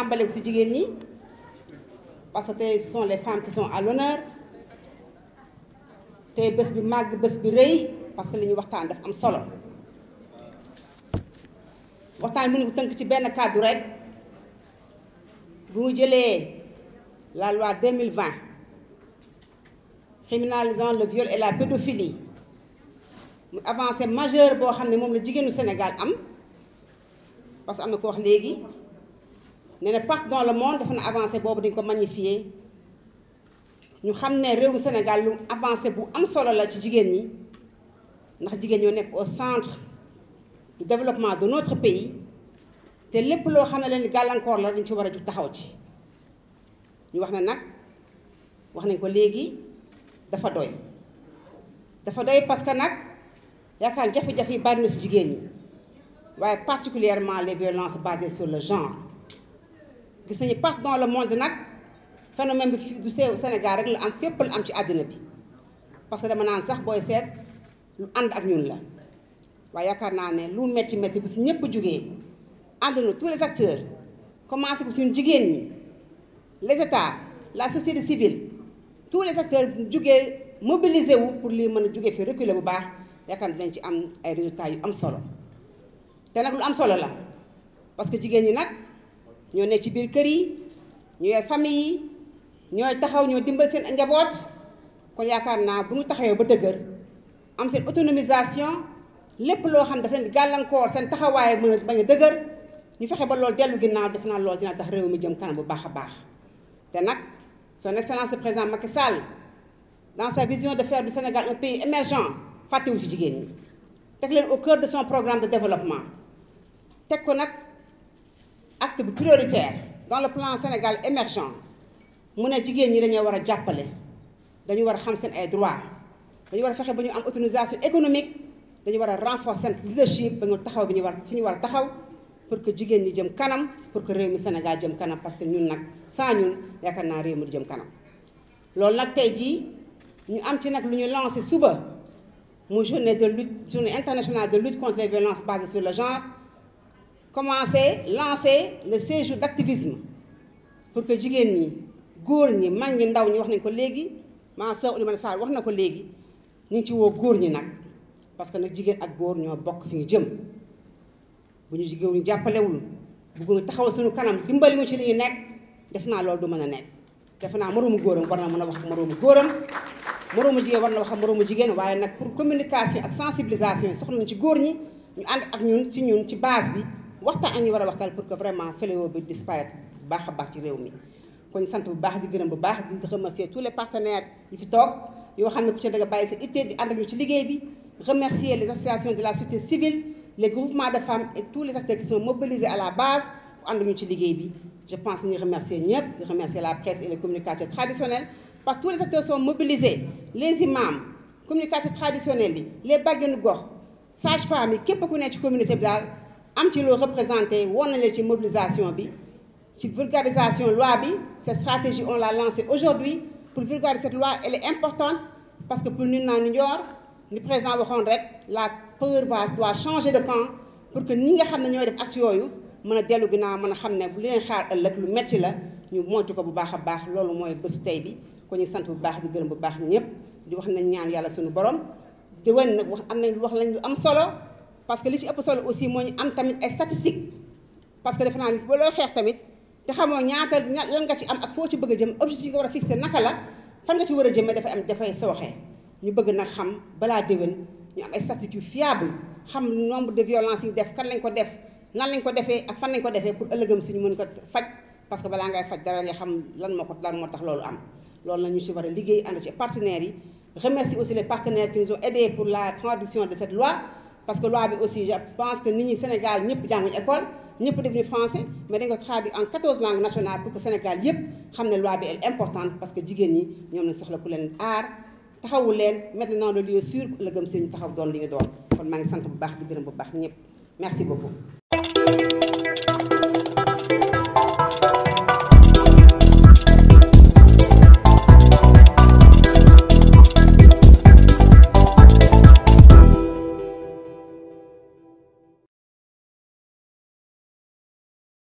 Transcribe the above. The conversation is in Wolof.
tàmbale ko si jigéen ñi parce que tey ce les femmes qui sont à l'honneur tey bés bi màgg bés bi rëy parce que li ñu waxtaan daf am solo waxtaan mënu ko tënk ci benn kàddu rek bu mu jëlee la loi 2020 criminalisant le viol et la pédophilie mu avancée majeure boo xam ne moom la jigéenu Sénégal am parce que am na ko wax léegi nee na partout dans le monde dafa na avancé boobu dañ ko magnifier ñu xam ne réewu mi Sénégal lu avancé bu am solo la ci jigéen ñi ndax jigéen ñoo nekk au centre du développement de notre pays te lépp loo xam ne leen gàllankoor la dañ ci war a jug taxaw ci ñu wax ne nag wax nañ ko léegi dafa doy dafa doy parce que nag yaakaar jafe-jafe yi bari si jigéen ñi waaye particulièrement les violences basées sur le genre gis nañu partout dans le monde nag phénomène bi du seew Sénégal rek la am féppal am ci àddina bi parce que dama naan sax booy seet lu ànd ak ñun la waaye yaakaar naa ne lu métti métti bu si ñëpp jógee ànd na tous les acteurs commencé ko suñ jigéen ñi les états la société civile tous les acteurs jógee mobilisé wu pour lii mën a jógee fi reculer bu baax yaakaar naa dañ ci am ay résultat yu am solo te nag lu am solo la parce que jigéen ñi nag. ñoo ne ci biir kër yi ñu yor famille yi ñooy taxaw ñoo dimbal seen njaboot kon yaakaar naa bu ñu taxawee ba dëgër am seen autonomisation lépp loo xam dafa leen di gàllankoor seen taxawaaye mën a bañ dëgër ñu fexe ba loolu dellu ginnaaw def naa loolu dina tax réew mi jëm kanam bu baax a baax te nag son excellence présent président Macky Sall dans sa vision de fair du Sénégal un pays émergent fàttewul ci jigéen ñi teg leen au cœur de son programme de développement teg ko nag acte bu prioritaire dans le plan Sénégal émergent mu ne jigéen ñi dañoo war a jàppale dañu war a xam seen ay droits dañu war a fexe ba ñu am autonomisation économique dañu war a renforcer seen leadership ba ñu taxaw bi ñu war fi ñu war a taxaw pour que jigéen ñi jëm kanam pour que réew mi Sénégal jëm kanam parce que ñun nag saa ñun yaakaar naa réew mi di jëm kanam loolu nag tey jii ñu am ci nag lu ñu lancé suba mu journée de lutte journée internationale le genre commencé lancé le séjour d'activisme pour que jigéen ñi góor ñi mag ñi ndaw ñi wax nañ ko léegi maa sœur Oulimata Sarr wax na ko léegi ñu ngi ci woo góor ñi nag parce que nag jigéen ak góor ñoo bokk fi ñu jëm bu ñu jigéen ñu jàppalewul bëgguñu taxawal suñu kanam dimbali ñu ci li ñu nekk def naa loolu du mën a nekk def naa moroomu góoram war na mën a wax moroomu góoram moroomu jigéen war na wax moroomu jigéen waaye nag pour communication ak sensibilisation soxla nañ ci góor ñi ñu ànd ak ñun ci ñun ci base bi waxtaan ak ñu war a waxtaan pour que vraiment fléau bi disparaître bu baax baax ci réew mi kon sant bu baax di gërëm bu baax di remercier tous les partenaires yi fi toog yoo xam ne ku ci da nga bàyyi sa ittee di ànd ak ñu ci liggéey bi remercier les associations de la société civile les groupements de femmes et tous les acteurs qui sont mobilisés à la base bu ànd ñu ci liggéey bi je pense que ñu remercier ñëpp di remercier la presse et les communicateurs traditionnels parce que tous les acteurs sont mobilisés les imams communicateurs traditionnels yi les bàjjenu gox sage ku nekk ci communauté bi daal am ci loo représenté woon nañ la ci mobilisation bi ci vulgarisation loi bi cette stratégie on l'a lancée aujourd'hui pour vulgariser cette loi elle est importante parce que pour ñun naa ni Nior ni président waxoon rek la peur va doit changer de camp pour que ñi nga xam ne ñooy def acte yooyu mën a dellu ginnaaw mën a xam ne bu leen xaar ëllëg lu metti la ñu moytu ko bu baax a baax loolu mooy bésu tey bi ko ñu sant bu baax di gërëm bu baax ñëpp di wax nañ ñaan yàlla suñu borom solo parce que li ci ëpp solo aussi moo ñu am tamit ay statistiques parce que defe naa ni ba tamit te xamoo ñaata lan nga ci am ak foo ci bëgg a jëm objectif yi nga war la fan nga ci war a jëmee dafay am dafay sooxee ñu bëgg nag xam balaa déwén ñu am ay statistiques yu fiable xam nombre de violence yi kan lañ ko def nan lañ ko defee ak fan ko defee pour ëllëgam suñu mën ko faj parce que balaa ngay faj dara lan moo ko lan moo tax loolu am loolu nag ñu ci war a liggéey ànd ci partenaires yi remercie aussi les partenaires qui nous ont aidés pour la traduction de cette loi parce que loi bi aussi je pense que nit ñi Sénégal ñëpp jànguñu école ñëpp dégguñu français mais dañ ko traduire en 14 langues nationales pour que Sénégal yëpp xam ne loi bi elle importante parce que jigéen ñi ñoom lañ soxla ku leen aar taxawu leen mettre dans le lieu sûr la gëm seen taxaw doon li ñu doon kon maa ngi sant bu baax di gërëm bu baax ñëpp merci